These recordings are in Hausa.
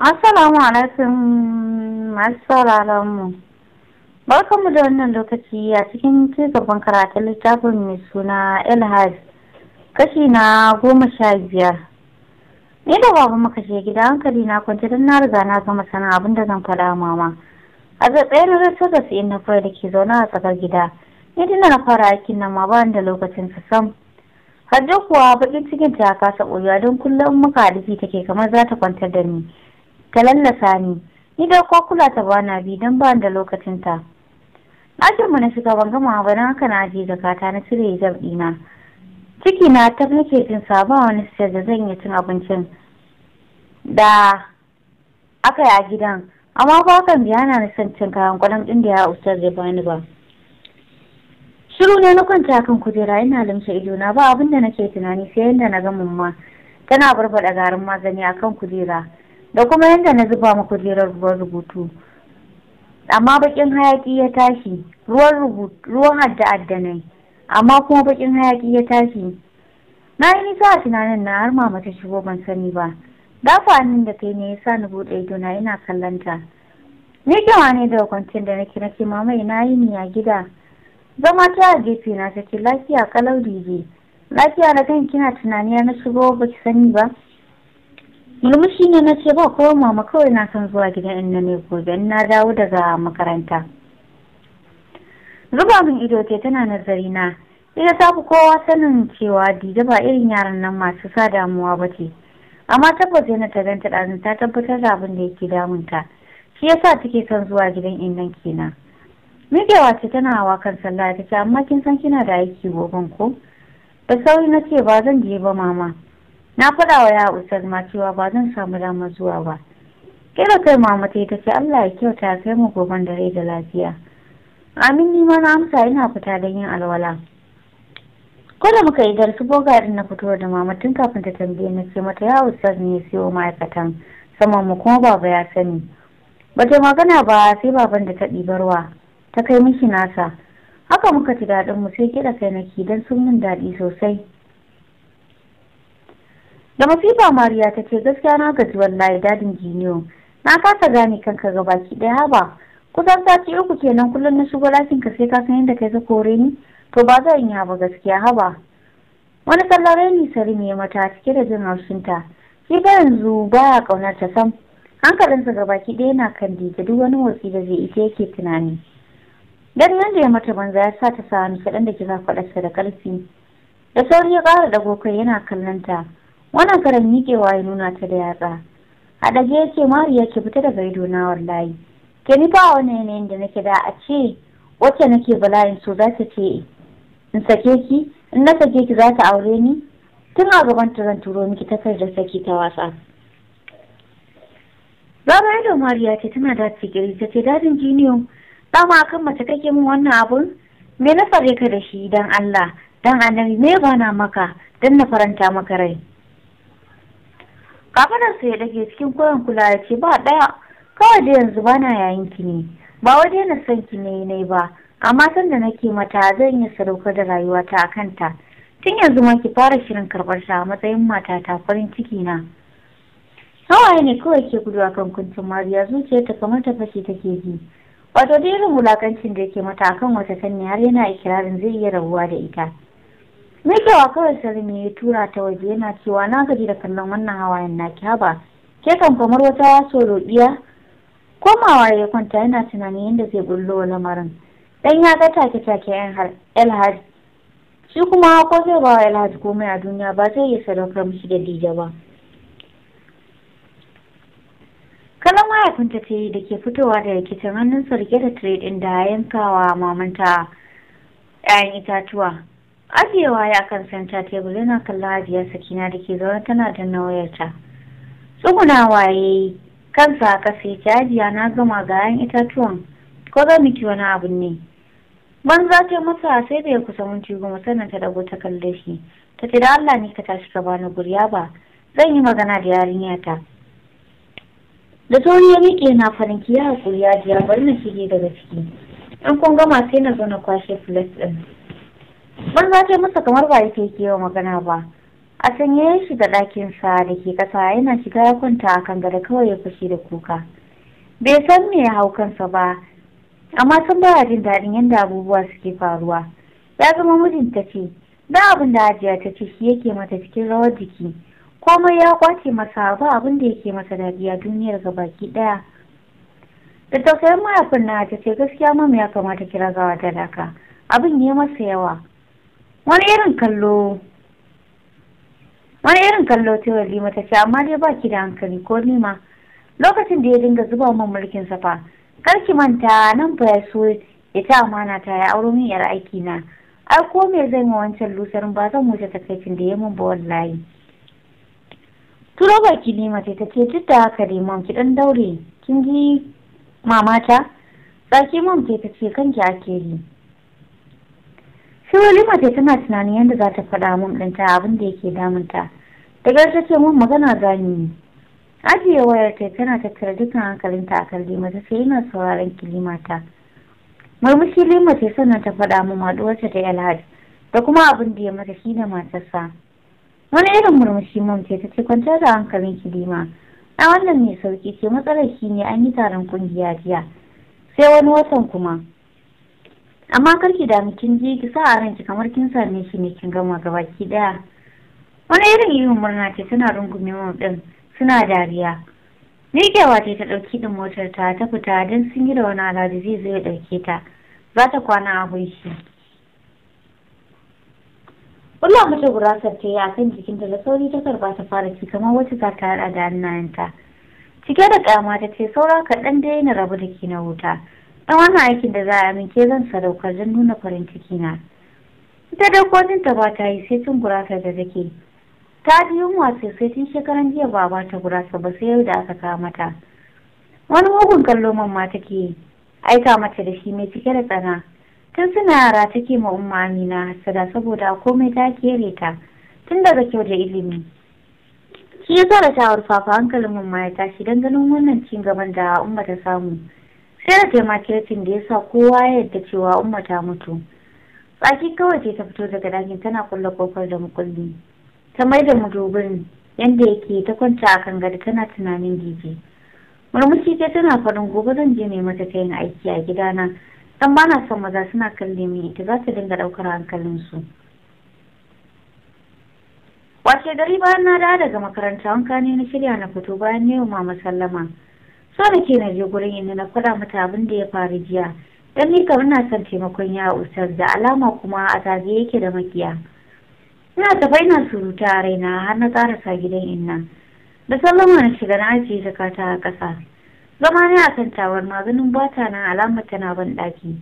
Assalamu alaikum masu sauraron mu. Barkanmu da wannan lokaci a cikin cigaban karatun littafin mai suna Elhaj kashi na goma sha biyar. Ni da babu muka shi gida hankali na kwanci don na riga na gama sanin abin da zan faɗa mama. A tsaye na zai su in na fara da ke zaune a tsakar gida. Ni dina na fara aikin nan ma bani da lokacin sa sam. Hajjo kuwa baƙin cikin ta ya kasa ɓoyuwa don kullum muka hadisi take kamar za ta kwantar da ni. Ka lallasa ni ni da ko kula ta bana bi dan ba da lokacin ta ɗakin mu na shiga ban gama ba dan haka na je jakata na cire hijab ɗina ciki na ta nake jin saba wani sir da zan yi cin abincin da aka yi a gidan amma ba kan biya na nisan cin kayan kwalam din da ya ustar zai bani ba shiru ne na kwanta kan kujera ina limshe ido na ba abin da nake tunani sai yadda na ga mumma tana barbaɗa garin magani akan kujera da kuma yadda na zuba maku jerar ruwan rubutu amma bakin hayaki ya tashi ruwan ruwan hadda addanai amma kuma bakin hayaki ya tashi na yi nisa a tunanin na har mama ta shigo ban sani ba dafa hannun da kai ne ya sa ni buɗe ido na ina kallanta ni kyawa ne daga kwanciyar da nake nake mama ina yi ni a gida zama ta a gefe na take lafiya kalau dije lafiya na kan kina tunani na shigo baki sani ba murmushi ne na ce ba kowa mama kawai na son zuwa gidan inna ne gobe na dawo daga makaranta zuba min ido ce tana nazari na ita ta fi kowa sanin cewa dida ba irin yaran nan masu sa damuwa ba ce amma tabbas yana ta ganta ɗazin ta tabbatar da abin da yake ta. shi yasa take son zuwa gidan nan kenan miƙewa ce tana hawa kan sallah ta ce amma kin san kina da aiki gobe ko da sauri na ce ba zan je ba mama na faɗa wa ya usar ma cewa ba zan samu dama zuwa ba kira kai mama ta ta ce Allah ya kyauta kai mu goban dare da lafiya amin ni ma na amsa ina fita don yin alwala ko da muka yi darsu boga din na fito da mama tun kafin ta tambaye na ce mata ya usar ne siyo ma'aikatan saman mu kuma baba ya sani bata magana ba sai baban da ta ɗibarwa ta kai mishi nasa haka muka ci daɗin mu sai kira kai na ki don sun min daɗi sosai da masifa mariya ta ce gaskiya na gaji wallahi dadin jiniyo na kasa gane kanka ga baki ɗaya haba kusan sati uku kenan kullum na shigo lakin ka sai ka san yadda kai ka kore ni to ba zan yi ba gaskiya haba wani sallare ni sari ya mata cike da jin haushinta shi ba yanzu ba ya kaunar ta sam hankalinsa ga baki ɗaya na kan dija duk wani motsi da zai ita yake tunani dan da ya mata banza ya sa ta sa hannu kaɗan da kira faɗarsa da ƙarfi da sauri ya ƙara ɗagokai, yana kallon ta wannan karan miƙewa ya nuna ta da yatsa a ɗage ya ce mariya ke fita daga ido na wallahi ke ni ba wani yanayin da nake da a ce wacce nake bala'in so za ta ce in sake ki in na sake ki za ta aure ni tun a gaban ta zan turo miki takardar saki ta wasa Zaba ido Mariya ce tana da cikiri ta ce dadin jiniyo dama akan mace kake min wannan abun me na fare ka da shi dan Allah dan annabi me bana maka dan na faranta maka rai kafadarsa ya dake cikin koyon kula ya ce ba ɗaya kawai da yanzu bana yayin ki ne ba wai yana son ki ne ne ba amma san da nake mata zan iya sadaukar da rayuwata a kanta tun yanzu ma ki fara shirin karɓar ta a matsayin matata farin ciki na hawaye ne kawai ke gudu a kan kuncin mariya zuciyarta kamar ta fashe take ji wato dai irin wulakancin da yake mata akan wata sanni har yana ikirarin zai iya rabuwa da ita wa kawai Sarmi ya tura ta waje yana cewa na gaji da kallon wannan hawayen naki haba. Ke kan kamar wata soroɗiya. Komawa ya kwanta yana tunanin yadda zai bullo wa lamarin. Dan ya ga take-take Elhaj. Shi kuma ko zai ba wa Elhaj komai a duniya ba zai ya sadaukar mishi da Dija ba. Kalan mahaifinta ta yi da ke fitowa da rikicin hannun rike da tire ɗin da yankawa mamanta 'ya'yan itatuwa. ajiyewa ya kan santa tebul yana kalla ajiyar sakina da ke zaune tana da danna wayarta tsuguna waye kansa a kasa ta ajiya na gama ga yan itatuwan ko zan miki wani abu ne banza ta masa sai da ya kusa minti goma sannan ta dago ta kalle shi ta ce da Allah ne ka tashi ka bani gurya ba zan yi magana da yarinya ta da sauri ya miƙe na farin ki ya haƙuri ya bari na shige daga ciki in kun gama sai na zo na kwashe filas ɗin za ta masa kamar ba yake kewa magana ba. A sanye ya shiga ɗakinsa da ke ƙasa yana shiga ya kwanta a kan gada kawai ya fashe da kuka. Bai san me ya hau kansa ba, amma sun ba jin daɗin yadda abubuwa suke faruwa. Ya zama mijinta ce, da abin da ajiya ta ce shi yake mata cikin rawar jiki. Komai ya kwace masa ba abin da yake masa dadi a ga baki ɗaya. Da tausayin mahaifin na ta ce gaskiya mamu ya kamata kira gawa daka. Abin ya masa yawa. wani irin kallo wani irin kallo ta walima ta ce amma dai baki da hankali ko nima lokacin da ya dinga zuba min mulkin safa kar ki manta nan ba su so ta amana ta ya auro min yar aiki na ai ko me zan yi wancan lusarin ba zan wuce takaicin da ya mun ba wallahi turo baki nima ce ta ce duk da haka limon ki dan daure kin ji mamata tsaki man ce ta ce kanki ake yi sai walima ce tana tunanin yadda za ta faɗa mun ɗinta abin da yake damunta da ta ce mun magana gani ajiye wayar ta tana tattara dukkan hankalinta a kan lima ta sai ina sauraron ta murmushi lima ce sannan ta faɗa mun maɗuwarta ta alhaji da kuma abin da ya mata shi da matarsa wani irin murmushi mun ce ta ce kwanta da hankalin kilima a wannan mai sauki ce matsalar shi ne an yi taron ƙungiya jiya sai wani watan kuma amma kar ki dami kin ji ki sa a ranki kamar kin same shi ne kin gama ki daya wani irin yiwu murna ce tana rungume mu din suna dariya miƙewa ce ta ɗauki ɗin motar ta ta fita don sun yi da wani alhaji zai zo ya ɗauke ta za ta kwana a gunshi Ulla mata gurasar ta yi a kan jikinta da sauri ta karba ta fara ci kamar wacce za ta haɗa da hannayenta. Cike da ƙyama ta ce saura kaɗan dai na rabu da ke na wuta. dan wannan aikin da za a amince ke zan sadaukar don nuna farin ciki na ita dokokin ta ba ta yi sai tun gurasa da take ta ji yunwa sai tun shekaran jiya ba ba ta gurasa ba sai yau da aka kawo mata wani mugun kallo mamma take aika mata da shi mai cike da tsana tun suna yara take ma umma amina sada saboda komai ta kere ta tun daga kyau da ilimi shi ya zara ta fafa hankalin mamma ya tashi don ganin wannan cin gaban da umma ta samu sai da taimakircin da ya sa kowa ya yadda cewa umma ta mutu tsaki kawai ce ta fito daga dakin tana kulle kofar da mukulli ta mai da mudubin yadda yake ta kwanta a kan gado tana tunanin jiji murmushi ta tana farin gobe zan je nema mata kayan aiki a gidana dan bana son maza suna kalle mini ita za ta dinga ɗaukar hankalin su washe gari bayan na dawo daga makaranta wanka ne na shirya na fito bayan ne ma sallama. Sani ke na je gurin yin na faɗa mata abin da ya faru jiya dan ni kam ina son taimakon ya usar da alama kuma a zage yake da makiya ina tafa ina surutu a raina har na karasa gidan inna da sallama na shiga na ajiye jakata a ƙasa zama ne a kan tawar maganin bata na alama tana ban ɗaki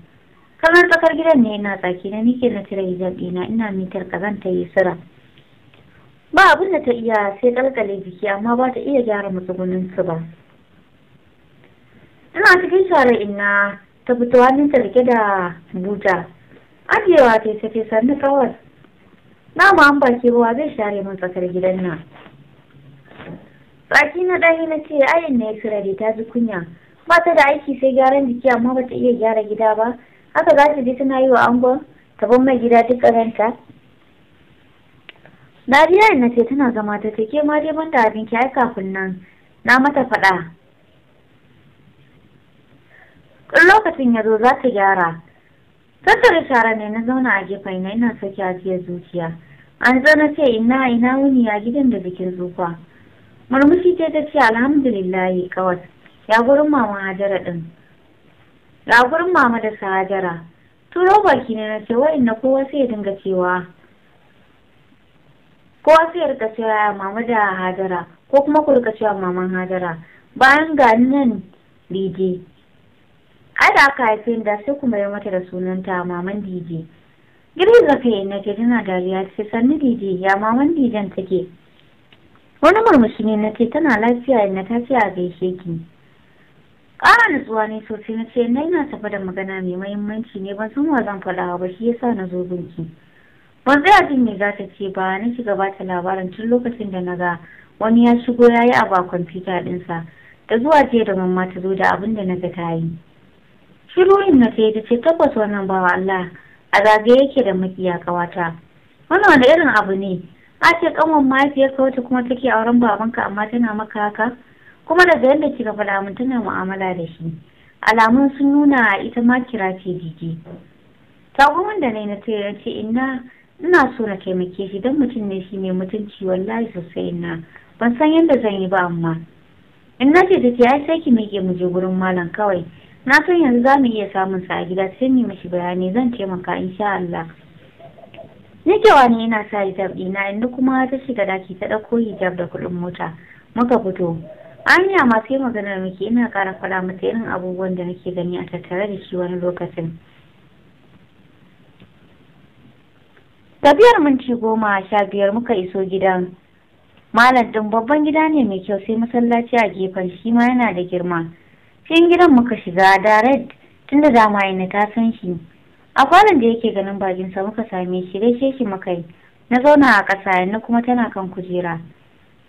kamar tsakar gidan ne ina tsaki na nike na cire hijab ɗina ina mitar kazan ta yi sura. ba abin da ta iya sai kalkale jiki amma ba ta iya gyara matsugunin su ba ina cikin share inna ta fito hannunta rike da buta ajiyewa ta ta ce sannu kawai na ma an baki ruwa zai share mun tsakar gidan nan tsaki na ɗaya na ce ayin na ya sirari ta ji kunya ba ta da aiki sai gyaran jiki amma ba ta iya gyara gida ba haka za ta je tana yi wa angon taban mai gida duk ƙaranta Dariya na ce tana zama ta ce ke ma dai banda abinki ai kafin nan na mata faɗa in lokacin ya zo za ta gyara tattara shara ne na zauna a gefen na ina saki ajiyar zuciya an zo na ce ina ina wuni ya gidan da bikin zufa murmushi ce ta ce alhamdulillahi kawas ya gurin mama hajara din ya gurin mama da hajara turo baki ne na ce wa'in na kowa sai ya dinga cewa kowa sai ya rika cewa mama da hajara ko kuma ku rika cewa maman hajara bayan ga nan dije ada da aka haife da sai kuma ya mata da sunanta maman dije girgiza kai na ke tana dariya ce sannu dije ya maman dijen take wani murmushi ne na ce tana lafiya ina ta ce a gaishe ki ƙara nutsuwa ne sosai na ce na ina tafa da magana mai mahimmanci ne ban san wa zan faɗa ba shi yasa na zo binki ban zai ajin me za ta ce ba na ki ba ta labarin tun lokacin da na ga wani ya shigo ya yi a ba kwamfuta ɗinsa da zuwa jiya da mamma ta zo da abin da na ga ta yi shirurin na sai ta ce tabbas wannan bawa Allah a zagaye yake da makiya kawata wannan wanda irin abu ne a ce kanwan mahaifiyar kawata kuma take auren babanka amma tana maka haka kuma daga yadda kika faɗa alamun tana mu'amala da shi alamun sun nuna ita ma kira ce jiki tagomin da na yi na tayar ce ina ina so na taimake shi don mutum ne shi mai mutunci wallahi sosai ina ban san yadda zan yi ba amma in na ce ta ce ai sai ki mike mu je gurin malam kawai na san yanzu za mu iya samun sa a gida sai mu mashi bayani zan taimaka insha Allah nikewa ne yana sa hijab ɗina inda kuma ta shiga daki ta ɗauko hijab da kuɗin mota muka fito anya ma sai maganar muke ina ƙara faɗa mata irin abubuwan da nake gani a tattare da shi wani lokacin tafiyar minti goma sha biyar muka iso gidan malam ɗin babban gida ne mai kyau sai masallaci a gefen shi ma yana da girma cikin gidan muka shiga da tun tunda dama ina ta san shi a kwanan da yake ganin bakinsa muka same shi gaishe shi muka yi na zauna a ƙasa na kuma tana kan kujera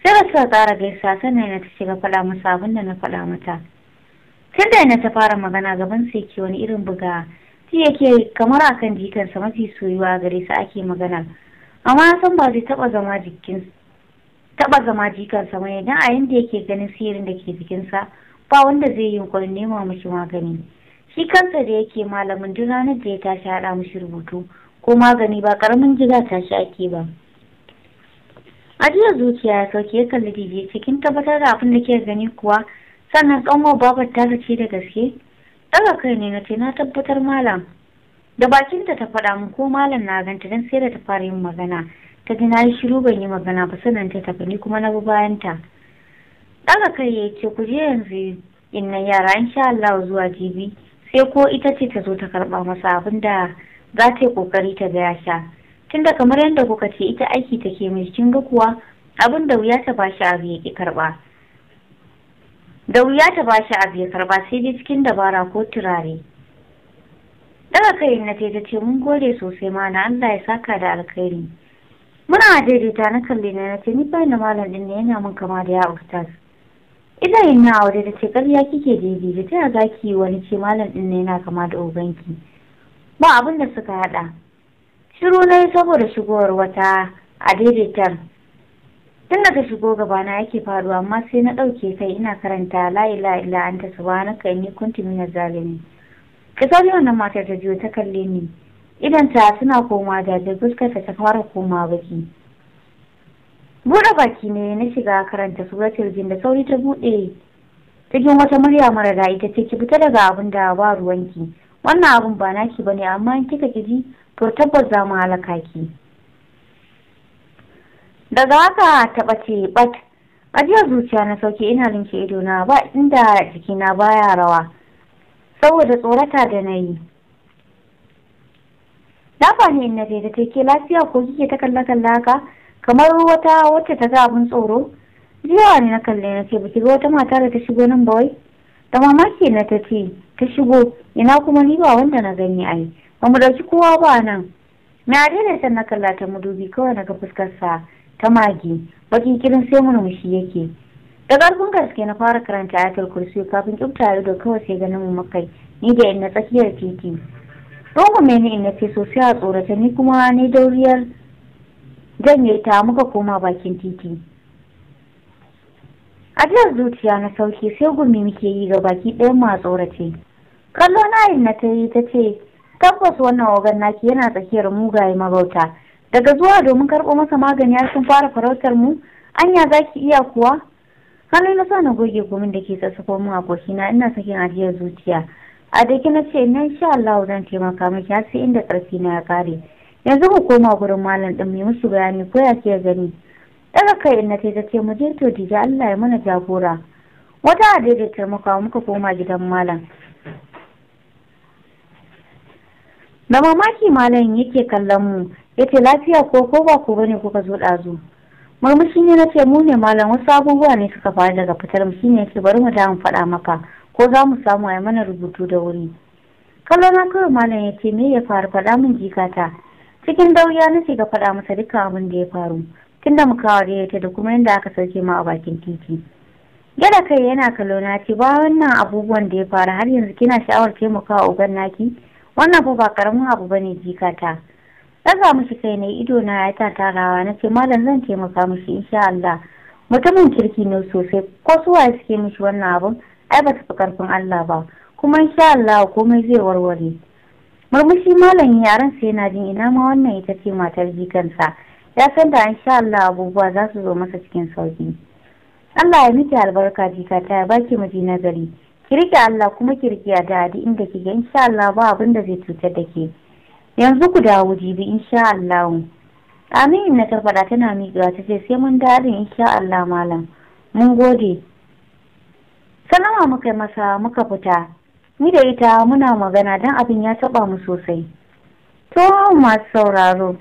sai da suka ƙara gaisa sannan na ta shiga faɗa masa abin da na faɗa mata tun da na ta fara magana gaban sai ke wani irin buga shi yake kamar a kan jikansa mafi soyuwa gare sa ake magana amma san ba zai taɓa zama jikin taɓa zama jikansa mai idan a yanda yake ganin sirrin da ke jikinsa ba wanda zai yi yunkurin nema mashi magani shi kansa da yake malamin duk ranar da ya tashi haɗa mishi rubutu ko magani ba ƙaramin jiga ta shi ake ba A jiya zuciya ya sauke ya kalli dije cikin tabbatar da abin da ke gani kuwa sannan tsawon babar ta ce da gaske daga kai ne na ce na tabbatar malam da bakinta ta faɗa min ko malam na ganta don sai da ta fara yin magana ta ji na yi shiru ban yi magana ba sannan ta tafi ni kuma na bi bayanta. daga kai ya ce ku je yanzu innan yara insha Allah zuwa jibi sai ko ita ce ta zo ta karba masa abin da za ta yi kokari ta ga ya sha tunda kamar yadda kuka ce ita aiki take mai kin ga kuwa abin da wuya ta bashi abu ya ki karba da wuya ta bashi abu ya karba sai dai cikin dabara ko turare daga kai na ta ta ce mun gode sosai ma na Allah ya saka da alkhairi muna daidaita na kalle na ce ni bayan malam din ne yana min kama da ya ustaz ina yin na aure da ce ƙarya kike daidai da tana za ki wani ce malam ɗin yana kama da ubanki ba abin da suka haɗa shiru na yi saboda shigowar wata a daidaitar tun daga shigo gabana yake faruwa amma sai na ɗauke kai ina karanta la ilaha illa anta subhanaka inni kuntu minaz zalimin kasar wannan matar ta biyo ta kalle ni idan ta suna koma da da fuskarta ta fara koma baki buɗe baki ne na shiga karanta suratul jin da sauri ta buɗe cikin wata murya mara da ita ce ki fita daga abin da ba ruwanki wannan abin ba naki bane amma in kika ji, to tabbas za mu halaka ki daga haka ta ɓace bat ajiyar zuciya na sauke ina rinke ido na ba inda jikina baya rawa saboda tsorata da na yi na fahimta in na da take lafiya ko kike ta kalla kalla ka kamar wata wacce ta ga abin tsoro jiya ne na kalle na ce ba ki ga wata mata da ta shigo nan ba wai da mamaki na ta ce ta shigo ina kuma ni ba wanda na gani ai ba mu dauki kowa ba nan me na daina san na kalla ta madubi kawai na ga fuskar sa ta magi baki kirin sai mu murmushi yake da ƙarfin gaske na fara karanta ayatul kursi kafin tare da kawai sai ganin mu makai ni da ina tsakiyar titi rogo mai ni in ce sosai a tsorata ni kuma ni dauriyar Zan yi ta muka koma bakin titi a jiyar zuciya na sauki, sai gumi muke yi ga baki ɗayan ma tsorace kallo nayin na ta yi ta ce tabbas wannan wagan naki yana tsakiyar mugaye mabauta daga zuwa domin karɓo masa magani har sun fara farautar mu anya za ki iya kuwa hannu na sa na goge gumin da ke sassafo min a ina sakin ajiyar zuciya a daki na ce na sha Allah zan taimaka miki har sai inda ƙarfi na ya ƙare yanzu ku koma gurin malam ɗin mai musu bayani ko ya ke gani daga kai ina ta ta ce mu je to dija Allah ya mana jagora wata a ta muka muka koma gidan malam da mamaki malam yake kallon mu yace lafiya ko ko ba ku bane kuka zo ɗazu murmushi ne nace mu ne malam wasu abubuwa ne suka faru daga fitar mu shine yace bari mu dawo faɗa maka ko za mu samu a mana rubutu da wuri kallon kawai malam yace me ya faru faɗa min jikata cikin dauya na ga faɗa masa duka abin da ya faru tun da muka da ta da kuma yadda aka sauke ma a bakin titi gyara kai yana kallo na ce ba wannan abubuwan da ya faru har yanzu kina sha'awar taimakawa uban naki wannan ba karamin abu bane jikata daga mishi kai ne ido na ya ta tarawa na ce malam zan taimaka mishi insha Allah mutumin kirki ne sosai ko su waye suke mishi wannan abun ai ba su fi karfin Allah ba kuma insha Allah komai zai warware murmushi malam yaran sai yana jin ina ma wannan ita ce matar jikansa ya san da insha Allah abubuwa za su zo masa cikin sauki Allah ya miki albarka jika ta ya baki miji nazari ki rike Allah kuma ki rike a dadi inda kike insha Allah ba abin da zai cutar da ke yanzu ku dawo jibi insha Allah Amin na ta tana miƙewa ta ce sai mun dadin insha Allah malam mun gode salama muka masa muka fita ni da ita muna magana don abin ya taɓa mu sosai to masu sauraro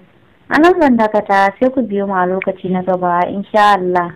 a nan zan dakata sai ku biyo mu a lokaci na gaba insha Allah